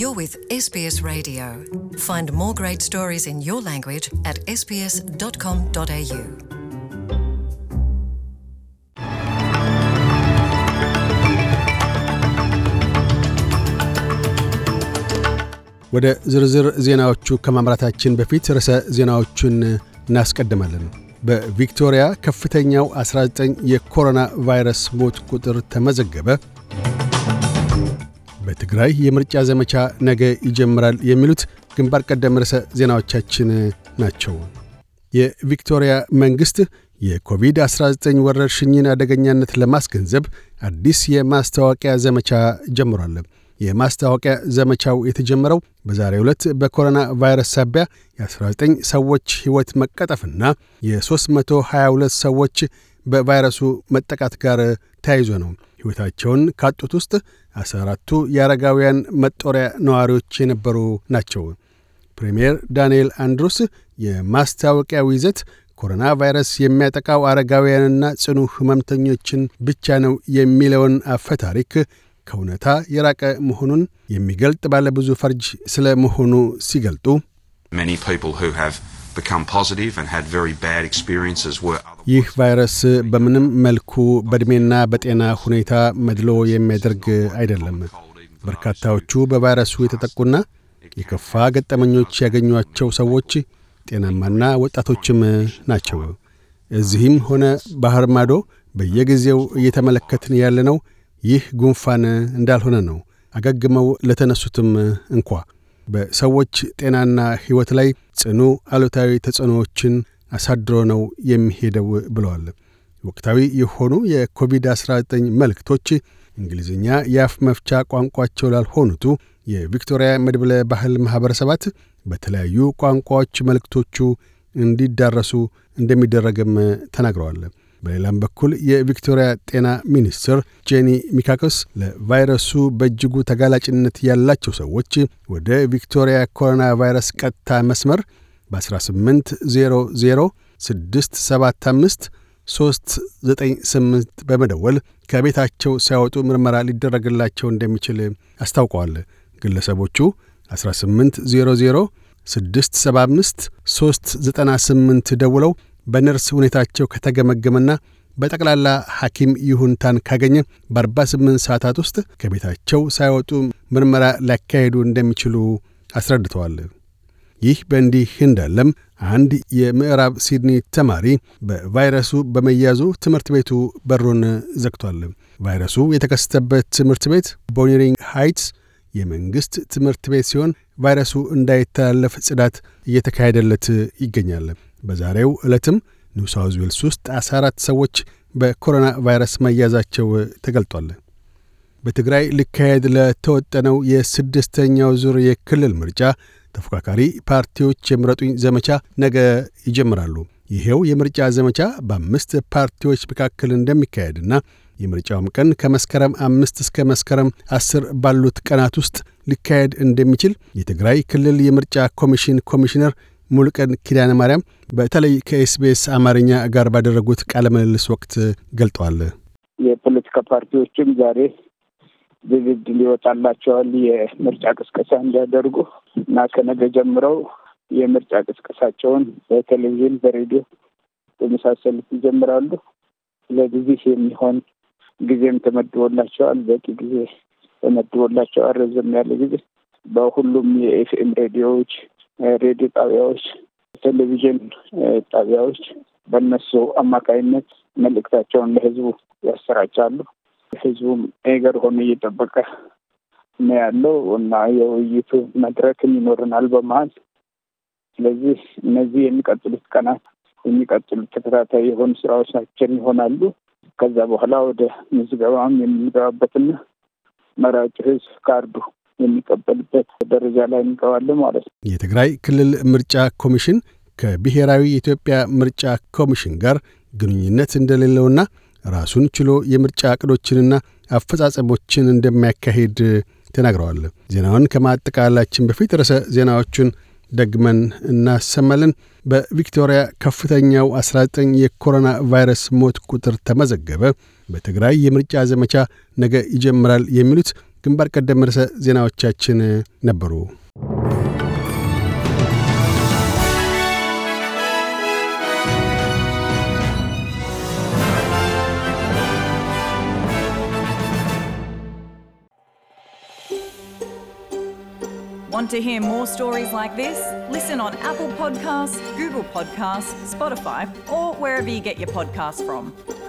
You're with SBS Radio. Find more great stories in your language at sbs.com.au. ወደ ዝርዝር ዜናዎቹ ከማምራታችን በፊት ርዕሰ ዜናዎቹን እናስቀድማለን። በቪክቶሪያ ከፍተኛው 19 የኮሮና ቫይረስ ሞት ቁጥር ተመዘገበ። በትግራይ የምርጫ ዘመቻ ነገ ይጀምራል የሚሉት ግንባር ቀደም ርዕሰ ዜናዎቻችን ናቸው። የቪክቶሪያ መንግሥት የኮቪድ-19 ወረርሽኝን አደገኛነት ለማስገንዘብ አዲስ የማስታወቂያ ዘመቻ ጀምሯል። የማስታወቂያ ዘመቻው የተጀመረው በዛሬ ዕለት በኮሮና ቫይረስ ሳቢያ የ19 ሰዎች ሕይወት መቀጠፍና የ322 ሰዎች በቫይረሱ መጠቃት ጋር ተያይዞ ነው። ሕይወታቸውን ካጡት ውስጥ አስራ አራቱ የአረጋውያን መጦሪያ ነዋሪዎች የነበሩ ናቸው። ፕሬምየር ዳንኤል አንድሮስ የማስታወቂያው ይዘት ኮሮና ቫይረስ የሚያጠቃው አረጋውያንና ጽኑ ሕመምተኞችን ብቻ ነው የሚለውን አፈታሪክ ከእውነታ የራቀ መሆኑን የሚገልጥ ባለብዙ ፈርጅ ስለ መሆኑ ሲገልጡ ይህ ቫይረስ በምንም መልኩ በእድሜና በጤና ሁኔታ መድሎ የሚያደርግ አይደለም። በርካታዎቹ በቫይረሱ የተጠቁና የከፋ ገጠመኞች ያገኟቸው ሰዎች ጤናማና ወጣቶችም ናቸው። እዚህም ሆነ ባህር ማዶ በየጊዜው እየተመለከትን ያለነው ይህ ጉንፋን እንዳልሆነ ነው። አገግመው ለተነሱትም እንኳ በሰዎች ጤናና ሕይወት ላይ ጽኑ አሉታዊ ተጽዕኖዎችን አሳድሮ ነው የሚሄደው ብለዋል። ወቅታዊ የሆኑ የኮቪድ-19 መልእክቶች እንግሊዝኛ የአፍ መፍቻ ቋንቋቸው ላልሆኑቱ የቪክቶሪያ መድብለ ባህል ማኅበረሰባት በተለያዩ ቋንቋዎች መልእክቶቹ እንዲዳረሱ እንደሚደረግም ተናግረዋል። በሌላም በኩል የቪክቶሪያ ጤና ሚኒስትር ጄኒ ሚካኮስ ለቫይረሱ በእጅጉ ተጋላጭነት ያላቸው ሰዎች ወደ ቪክቶሪያ ኮሮና ቫይረስ ቀጥታ መስመር በ1800 675 398 በመደወል ከቤታቸው ሲያወጡ ምርመራ ሊደረግላቸው እንደሚችል አስታውቀዋል። ግለሰቦቹ 1800 675 398 ደውለው በነርስ ሁኔታቸው ከተገመገመና በጠቅላላ ሐኪም ይሁንታን ካገኘ በ48 ሰዓታት ውስጥ ከቤታቸው ሳይወጡ ምርመራ ሊያካሄዱ እንደሚችሉ አስረድተዋል። ይህ በእንዲህ እንዳለም አንድ የምዕራብ ሲድኒ ተማሪ በቫይረሱ በመያዙ ትምህርት ቤቱ በሩን ዘግቷል። ቫይረሱ የተከሰተበት ትምህርት ቤት ቦኒሪንግ ሃይትስ የመንግሥት ትምህርት ቤት ሲሆን ቫይረሱ እንዳይተላለፍ ጽዳት እየተካሄደለት ይገኛል። በዛሬው ዕለትም ኒው ዌልስ ውስጥ 14 ሰዎች በኮሮና ቫይረስ መያዛቸው ተገልጧል። በትግራይ ሊካሄድ ለተወጠነው የስድስተኛው ዙር የክልል ምርጫ ተፎካካሪ ፓርቲዎች የምረጡኝ ዘመቻ ነገ ይጀምራሉ። ይሄው የምርጫ ዘመቻ በአምስት ፓርቲዎች መካከል እንደሚካሄድና የምርጫውም ቀን ከመስከረም አምስት እስከ መስከረም አስር ባሉት ቀናት ውስጥ ሊካሄድ እንደሚችል የትግራይ ክልል የምርጫ ኮሚሽን ኮሚሽነር ሙልቀን ኪዳነ ማርያም በተለይ ከኤስቢኤስ አማርኛ ጋር ባደረጉት ቃለ ምልልስ ወቅት ገልጠዋል። የፖለቲካ ፓርቲዎችም ዛሬ ዝግድ ሊወጣላቸዋል የምርጫ ቅስቀሳ እንዲያደርጉ እና ከነገ ጀምረው የምርጫ ቅስቀሳቸውን በቴሌቪዥን፣ በሬዲዮ በመሳሰሉት ይጀምራሉ። ለጊዜ የሚሆን ጊዜም ተመድቦላቸዋል። በቂ ጊዜ ተመድቦላቸዋል። ረዘም ያለ ጊዜ በሁሉም የኤፍኤም ሬዲዮዎች ሬዲዮ ጣቢያዎች፣ ቴሌቪዥን ጣቢያዎች በእነሱ አማካይነት መልእክታቸውን ለህዝቡ ያሰራጫሉ። ህዝቡም ነገር ሆኖ እየጠበቀ ነው ያለው እና የውይይቱ መድረክም ይኖረናል በመሀል። ስለዚህ እነዚህ የሚቀጥሉት ቀናት የሚቀጥሉት ተከታታይ የሆኑ ስራዎቻችን ይሆናሉ። ከዛ በኋላ ወደ ምዝገባም የምንገባበትና መራጭ ህዝብ ካርዱ የሚቀበልበት ደረጃ ላይ እንገባለን ማለት ነው። የትግራይ ክልል ምርጫ ኮሚሽን ከብሔራዊ የኢትዮጵያ ምርጫ ኮሚሽን ጋር ግንኙነት እንደሌለውና ራሱን ችሎ የምርጫ እቅዶችንና አፈጻጸሞችን እንደሚያካሂድ ተናግረዋል። ዜናውን ከማጠቃላችን በፊት ርዕሰ ዜናዎቹን ደግመን እናሰማለን። በቪክቶሪያ ከፍተኛው 19 የኮሮና ቫይረስ ሞት ቁጥር ተመዘገበ። በትግራይ የምርጫ ዘመቻ ነገ ይጀምራል። የሚሉት ግንባር ቀደም ርዕሰ ዜናዎቻችን ነበሩ። Want to hear more stories like this? Listen on Apple Podcasts, Google Podcasts, Spotify, or wherever you get your podcasts from.